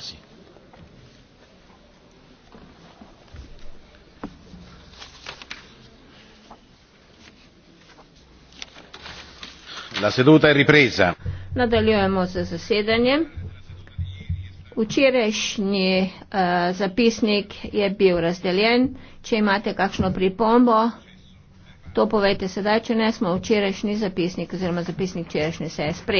remercie. La seduta è ripresa. Nadaljujemo z zasedanjem. Včerajšnji uh, zapisnik je bil razdeljen. Če imate kakšno pripombo, to povejte sedaj, če ne smo včerajšnji zapisnik oziroma zapisnik včerajšnje seje sprejeli.